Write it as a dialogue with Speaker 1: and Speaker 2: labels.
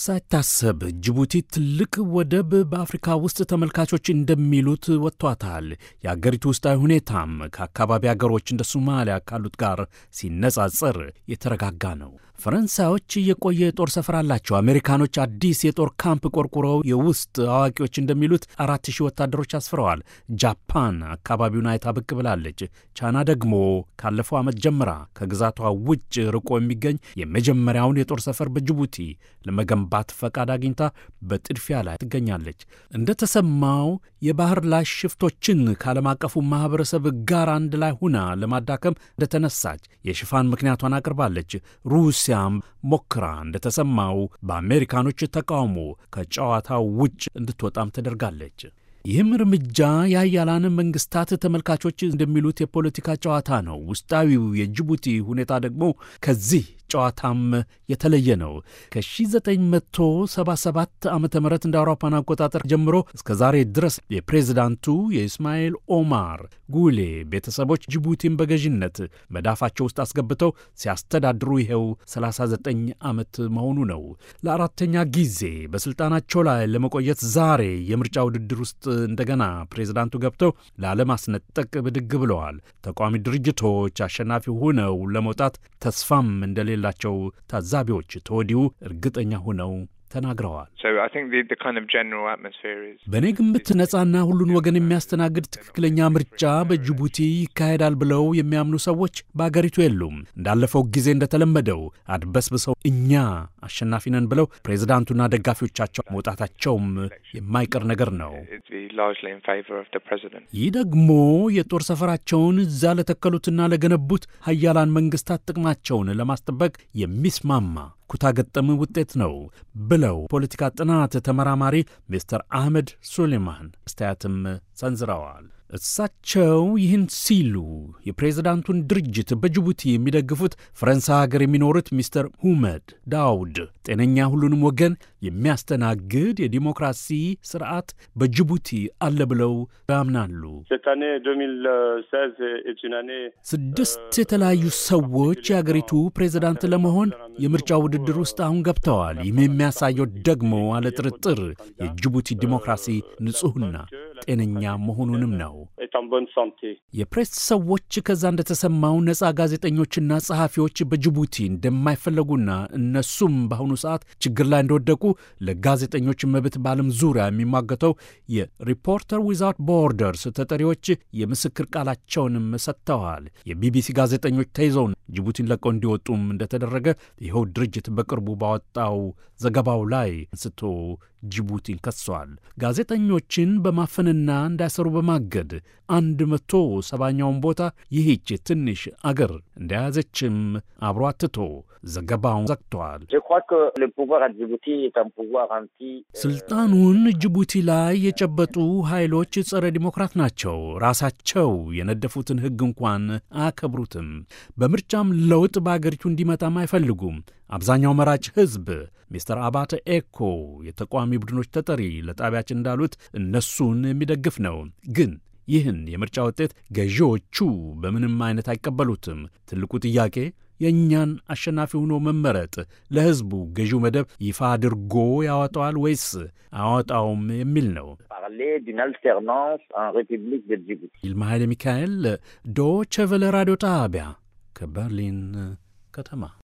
Speaker 1: ሳይታሰብ ጅቡቲ ትልቅ ወደብ በአፍሪካ ውስጥ ተመልካቾች እንደሚሉት ወጥቷታል። የአገሪቱ ውስጣዊ ሁኔታም ከአካባቢ አገሮች እንደ ሶማሊያ ካሉት ጋር ሲነጻጸር የተረጋጋ ነው። ፈረንሳዮች የቆየ የጦር ሰፈር አላቸው። አሜሪካኖች አዲስ የጦር ካምፕ ቆርቁረው የውስጥ አዋቂዎች እንደሚሉት አራት ሺህ ወታደሮች አስፍረዋል። ጃፓን አካባቢውን አይታ ብቅ ብላለች። ቻይና ደግሞ ካለፈው ዓመት ጀምራ ከግዛቷ ውጭ ርቆ የሚገኝ የመጀመሪያውን የጦር ሰፈር በጅቡቲ ለመገ የመገንባት ፈቃድ አግኝታ በጥድፊያ ላይ ትገኛለች። እንደተሰማው የባህር ላይ ሽፍቶችን ከዓለም አቀፉ ማኅበረሰብ ጋር አንድ ላይ ሁና ለማዳከም እንደተነሳች የሽፋን ምክንያቷን አቅርባለች። ሩሲያም ሞክራ እንደተሰማው በአሜሪካኖች ተቃውሞ ከጨዋታው ውጭ እንድትወጣም ተደርጋለች። ይህም እርምጃ የአያላን መንግስታት ተመልካቾች እንደሚሉት የፖለቲካ ጨዋታ ነው። ውስጣዊው የጅቡቲ ሁኔታ ደግሞ ከዚህ ጨዋታም የተለየ ነው። ከ1977 ዓ ም እንደ አውሮፓን አቆጣጠር ጀምሮ እስከ ዛሬ ድረስ የፕሬዚዳንቱ የእስማኤል ኦማር ጉሌ ቤተሰቦች ጅቡቲን በገዥነት መዳፋቸው ውስጥ አስገብተው ሲያስተዳድሩ ይኸው 39 ዓመት መሆኑ ነው። ለአራተኛ ጊዜ በሥልጣናቸው ላይ ለመቆየት ዛሬ የምርጫ ውድድር ውስጥ እንደገና ፕሬዝዳንቱ ገብተው ለአለማስነጠቅ ብድግ ብለዋል። ተቃዋሚ ድርጅቶች አሸናፊ ሆነው ለመውጣት ተስፋም እንደሌለ ያላቸው ታዛቢዎች ተወዲሁ እርግጠኛ ሆነው ተናግረዋል። በእኔ ግምት ነፃና ሁሉን ወገን የሚያስተናግድ ትክክለኛ ምርጫ በጅቡቲ ይካሄዳል ብለው የሚያምኑ ሰዎች በአገሪቱ የሉም። እንዳለፈው ጊዜ እንደተለመደው አድበስብሰው እኛ አሸናፊ ነን ብለው ፕሬዚዳንቱና ደጋፊዎቻቸው መውጣታቸውም የማይቀር ነገር ነው። ይህ ደግሞ የጦር ሰፈራቸውን እዛ ለተከሉትና ለገነቡት ሀያላን መንግስታት ጥቅማቸውን ለማስጠበቅ የሚስማማ ኩታገጠም ውጤት ነው ብለው ፖለቲካ ጥናት ተመራማሪ ሚስተር አህመድ ሱሌማን አስተያየትም ሰንዝረዋል። እሳቸው ይህን ሲሉ የፕሬዝዳንቱን ድርጅት በጅቡቲ የሚደግፉት ፈረንሳይ ሀገር የሚኖሩት ሚስተር ሁመድ ዳውድ ጤነኛ ሁሉንም ወገን የሚያስተናግድ የዲሞክራሲ ስርዓት በጅቡቲ አለ ብለው ያምናሉ። ስድስት የተለያዩ ሰዎች የአገሪቱ ፕሬዝዳንት ለመሆን የምርጫ ውድድር ውስጥ አሁን ገብተዋል። ይህም የሚያሳየው ደግሞ አለ ጥርጥር የጅቡቲ ዲሞክራሲ ንጹህና ጤነኛ መሆኑንም ነው በጣም በንሳንቲ የፕሬስ ሰዎች ከዛ እንደተሰማው ነጻ ጋዜጠኞችና ጸሐፊዎች በጅቡቲ እንደማይፈለጉና እነሱም በአሁኑ ሰዓት ችግር ላይ እንደወደቁ ለጋዜጠኞች መብት በዓለም ዙሪያ የሚሟገተው የሪፖርተር ዊዛውት ቦርደርስ ተጠሪዎች የምስክር ቃላቸውንም ሰጥተዋል። የቢቢሲ ጋዜጠኞች ተይዘው ጅቡቲን ለቀው እንዲወጡም እንደተደረገ ይኸው ድርጅት በቅርቡ ባወጣው ዘገባው ላይ አንስቶ ጅቡቲን ከሷል። ጋዜጠኞችን በማፈንና እንዳይሰሩ በማገድ አንድ መቶ ሰባኛውን ቦታ ይህች ትንሽ አገር እንደያዘችም አብሮ አትቶ ዘገባውን ዘግተዋል። euh, ስልጣኑን ጅቡቲ ላይ የጨበጡ ኃይሎች ጸረ ዲሞክራት ናቸው። ራሳቸው የነደፉትን ሕግ እንኳን አያከብሩትም። በምርጫም ለውጥ በአገሪቱ እንዲመጣም አይፈልጉም። አብዛኛው መራጭ ሕዝብ ሚስተር አባተ ኤኮ የተቃዋሚ ቡድኖች ተጠሪ ለጣቢያችን እንዳሉት እነሱን የሚደግፍ ነው ግን ይህን የምርጫ ውጤት ገዢዎቹ በምንም አይነት አይቀበሉትም። ትልቁ ጥያቄ የእኛን አሸናፊ ሆኖ መመረጥ ለሕዝቡ ገዢው መደብ ይፋ አድርጎ ያወጣዋል ወይስ አወጣውም የሚል ነው። ይልማ ኃይለ ሚካኤል ዶቼ ቬለ ራዲዮ ጣቢያ ከበርሊን ከተማ